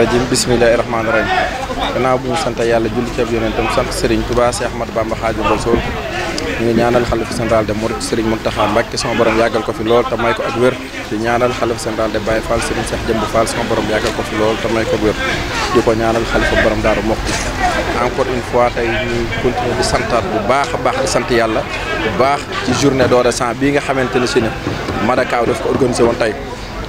rajim bisimilahi rahmaani rahim gannaaw bu ñu sant yàlla julli ci ab yonentam sant Serigne Touba Cheikh Ahmadou Bamba Khadimu Rasuul ñu ngi ñaanal xalifa général de Mouride Serigne Mountakha Mbacké sama borom yàggal ko fi lool te may ko ak wér di ñaanal xalifa général de Baye Fall Serigne Cheikh Jëmb Fall sama borom yàggal ko fi lool te may ko ak wér di ko ñaanal xalifa borom daaru Moxti encore une fois tey ñu continuer di santaat bu baax a baax di sant yàlla bu baax ci journée don de sant bii nga xamante ne si ne Madakaw daf ko organisé woon tey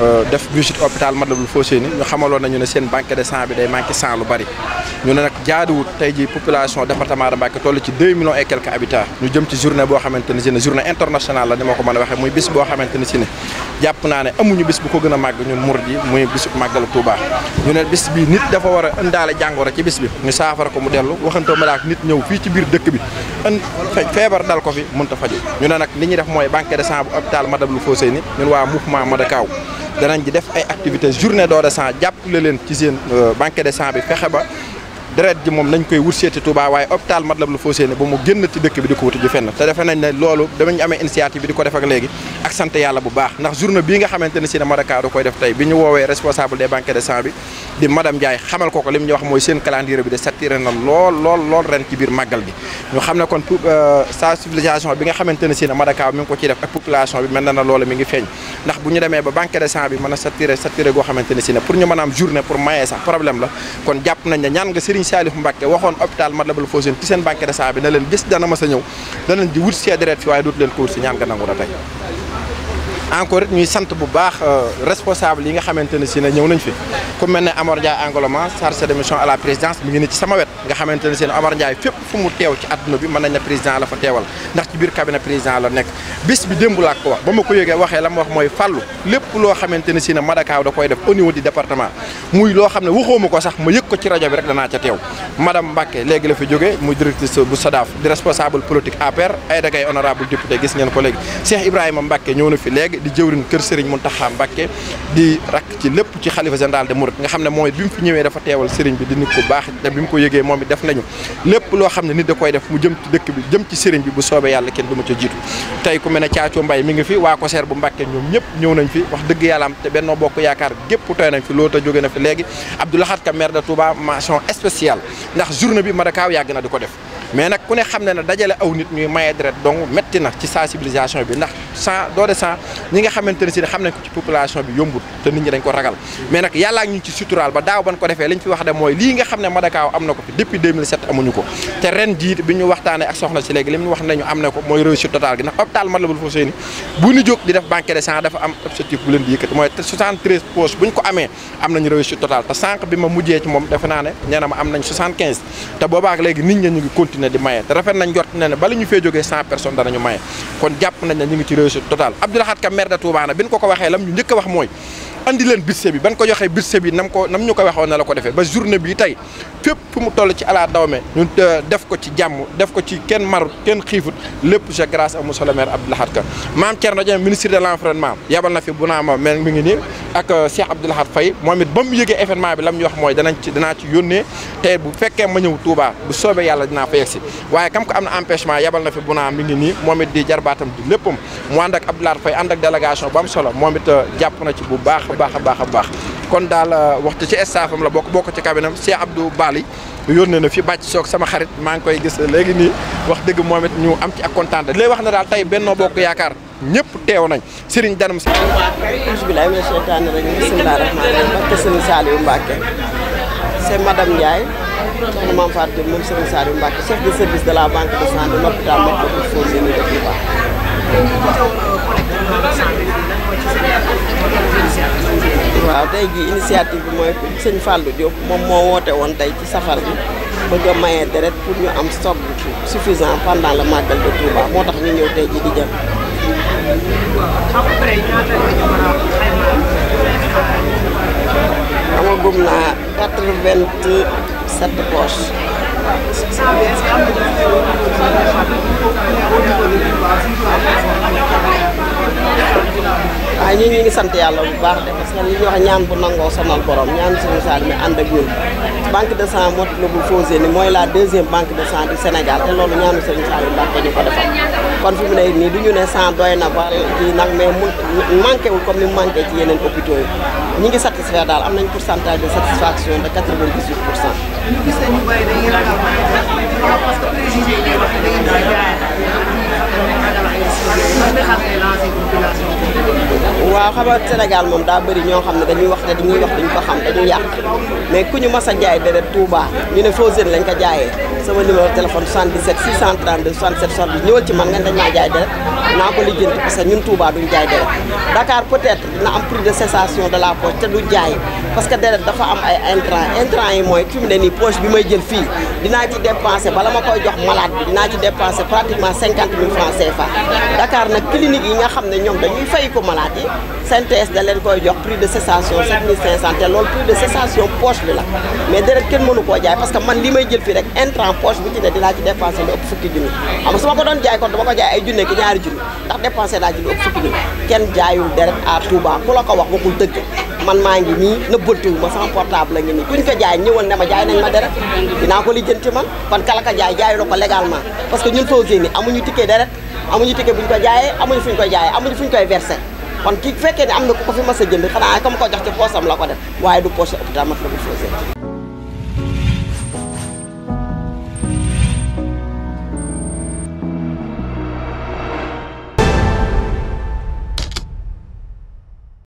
Euh, def visite hôpital Matlaboul Fawzeyni ñu xamaloon nañu ne seen banque de sang bi day manqué sang lu bari ñu ne nag jaaduwut tey ji population département de Mbacké toll ci deux millions et quelques habitants ñu jëm ci journée boo xamante si ne journée internationale la ni ma ko mën a waxee muy bis boo xamante ne si ne jàpp naa ne amuñu bis bu ko gën a màgg ñun murid yi muy bisu màggalu Touba ñu ne bis bi nit dafa war a jàngoro ci bis bi ñu saafara ko mu dellu waxantoo ma daak nit ñëw fii ci biir dëkk bi feebar dal ko fi mënta faju ñu ne nag li ñuy def mooy banque de sang bu hôpital Matlaboul Fawzeyni ñun waa danañ ci def ay activités journée don de sang jàppale leen ci seen euh, banque de sang bi fexe ba deret ji moom nañ koy wut seeti Touba waaye hôpital Matlaboul Fawzeyni ba mu génn ci dëkk bi di ko wuti ji fenn te defe nañ ne loolu damañ amee initiative bi di ko def léegi ak sant yàlla bu baax ndax journée bii nga de xamal ko ko ñu wax mooy seen calendrier bi de saturé na lool lool lool ci biir màggal bi ñu xam ne kon pour euh, sensibilisation bi nga xamante ne si ne ngi ko ciy def ak population bi mel na loolu mi ngi feeñ ndax bu a Serigne Salif Mbacke waxoon hôpital Matlaboul Fawzaini ci seen banque de sang na leen bis dana mas a ñëw danañ di wut see deret fi waaye dootu leen ko wut si ñaan nga nangu na tey encore ñuy sant bu baax euh, responsable yi nga xamante ne si ne ñëw nañ fi ku mel ne Amar Ndiaye Angoloma chargé de mission à la présidence mi ngi ne ci sama wet nga xamante ne si ne Amar Ndiaye fépp fu mu teew ci adduna bi mën nañ ne président la fa teewal ndax ci biir muy loo xam ne waxooma ko sax ma yëg ko ci rajo bi rek danaa ca teew madame Mbacke léegi la fi jógee muy directrice bu SADAF di responsable politique APR Aïda Gaye honorable député gis ngeen ko léegi Cheikh Ibrahima Mbacke ñëw na fi léegi di jëwriñ kër Serigne Mountakha Mbacke di rakk ci lépp ci xalifa général de Mouride nga xam ne mooy bi mu fi ñëwee dafa teewal Serigne bi di nit ku baax te bi mu ko yëgee moom it def nañu lépp loo xam ne nit da koy def léegi Abdou Lahad Ka maire de Touba mention spéciale ndax journée bi Madakaw yàgg na di ko def mais nag ku ne xam ne ne dajale aw nit ñuy maye deret donc metti na ci sensibilisation bi ndax cent doole cent ñi nga xamante ne si ne xam nañ ko ci population bi yombul te nit ñi dañ ko ragal mais nag yàllaa ñu ci suturaal ba daaw ban ko defee liñ fi wax de mooy lii nga xam ne ma mujjee am nañ 75 te boobaak léegi nit ñi ngi continuer di maye te rafet nañ jot ne bala ñu fee jógee 100 personnes danañu maye kon jàpp nañ ne ñu ngi ci réussite totale Abdou Lahad Ka maire de ko ko waxee lam ñu njëkk wax mooy andi len bisse bi ban ko joxe bisse bi nam ko nam ñu ko waxo na la ko defé ba journée bi tay fépp fu mu toll ci ala dawme ñu def ko ci jàmm def ko ci ken mar ken xifut lépp je grâce à monsieur le maire Abdou Lahad Ka mam tierno Dieng ministre de l'environnement yabal na fi buna ma mel mi ngi ni ak Cheikh Abdou Lahad fay momit bam yegge événement bi lam ñu wax moy dana ci dana ci yónnee te bu fekke ma ñëw Touba bu soobee yàlla dina fa yegsi waye kam ko amna empêchement yabal na fi buna mi ngi ni momit di jarbatam di leppum mu ànd ak Abdou Lahad fay ànd ak délégation bam solo momit jàpp na ci bu baax a baax a baax a baax kon daal euh, waxtu ci staffam la bokk bokk ci cabinam Cheikh Abdou Bali yónnee na fi bàcc soog sama xarit maa ngi koy gis léegi nii wax dëgg moom ñu am ci ak kontaan lay wax na daal tey Benno Bokk Yaakaar ñëpp teew nañ Serigne Danam si bismilahi mina cheytaani rajim bismilahi rahmaani rahim barke Serigne Saliou Mbacke c'est madame Ndiaye man Mame Fatou Diop moom Serigne Saliou Mbacke de la banque de santé l'hôpital waaw tey jii initiative bi mooy seen Fallou Diop moom moo woote woon tey ci safar bi bëgg a maye deret pour ñu am stock suffisant pendant le màggal de Touba moo tax ñu ñëw tey jii di jël. ama naa quatre-vingt-sept poches. waaye ñun ñu ngi sant yàlla bu baax de parce que li ñuy ñaan bu nangoo sonal borom ñaan suñu saal mi ànd ak ñun banque de sang Matlaboul Fawzeyni mooy la deuxième banque de sang du Sénégal te loolu ñaanu Serigne Saliou Mbacké ñu ko defal kon fi mu ne du ñu ne sang doy na ba kii nag mais mu manqué wu comme ni mu manqué ci yeneen hôpitaux yi ñi ngi satisfaire daal am nañ pour cent. ñu gis waaw xam nga Sénégal moom daa bëri ñoo xam ne dañuy wax ne dañuy wax duñ ko xam dañuy yàq mais ku ñu mas jaay deret Touba ñu ne Faussène lañ ko jaayee sama numéro téléphone 77 632 67 72 ñëwal ci man nga dañ maa jaay deret naa ko lijjanti parce que ñun Touba duñ jaay deret Dakar peut dina am prix de cessation de la poche te du jaay parce que deret dafa am ay intrants intrants yi mooy fi mu ne nii bi may jël fii dinaa ci dépensé bala ma koy jox malade bi dinaa ci dépensé pratiquement 50 000 francs CFA yi nga xam ne ñoom dañuy fay ko malade yi CNTS da leen koy jox prix de cessation 7500 te loolu prix de cessation poche bi la mais deret kenn mënu jaay parce que man li may jël fii rek intrant poche bu ci ne dinaa ci dépensé lu ëpp fukki junni xam ma ko doon jaay kon dama ko jaay ay junne ki ñaari junni ndax dépensé naa ci lu ëpp fukki junni kenn jaayul deret à Touba ku wax waxul dëgg man maa ngi nii nëbbantuwu ma sama portable la ngi nii kuñ ko jaay ñëwal ne ma jaay nañ ma deret dinaa ko lijjanti man kon jaay jaayu la ko légalement parce que ñun Sococim amuñu ticket deret kon ki fekkee ne am na ku ko fi mas a jënd xanaa comme ko jox ci poosam la ko def waaye du poche hôpital Matlaboul Fawzeyni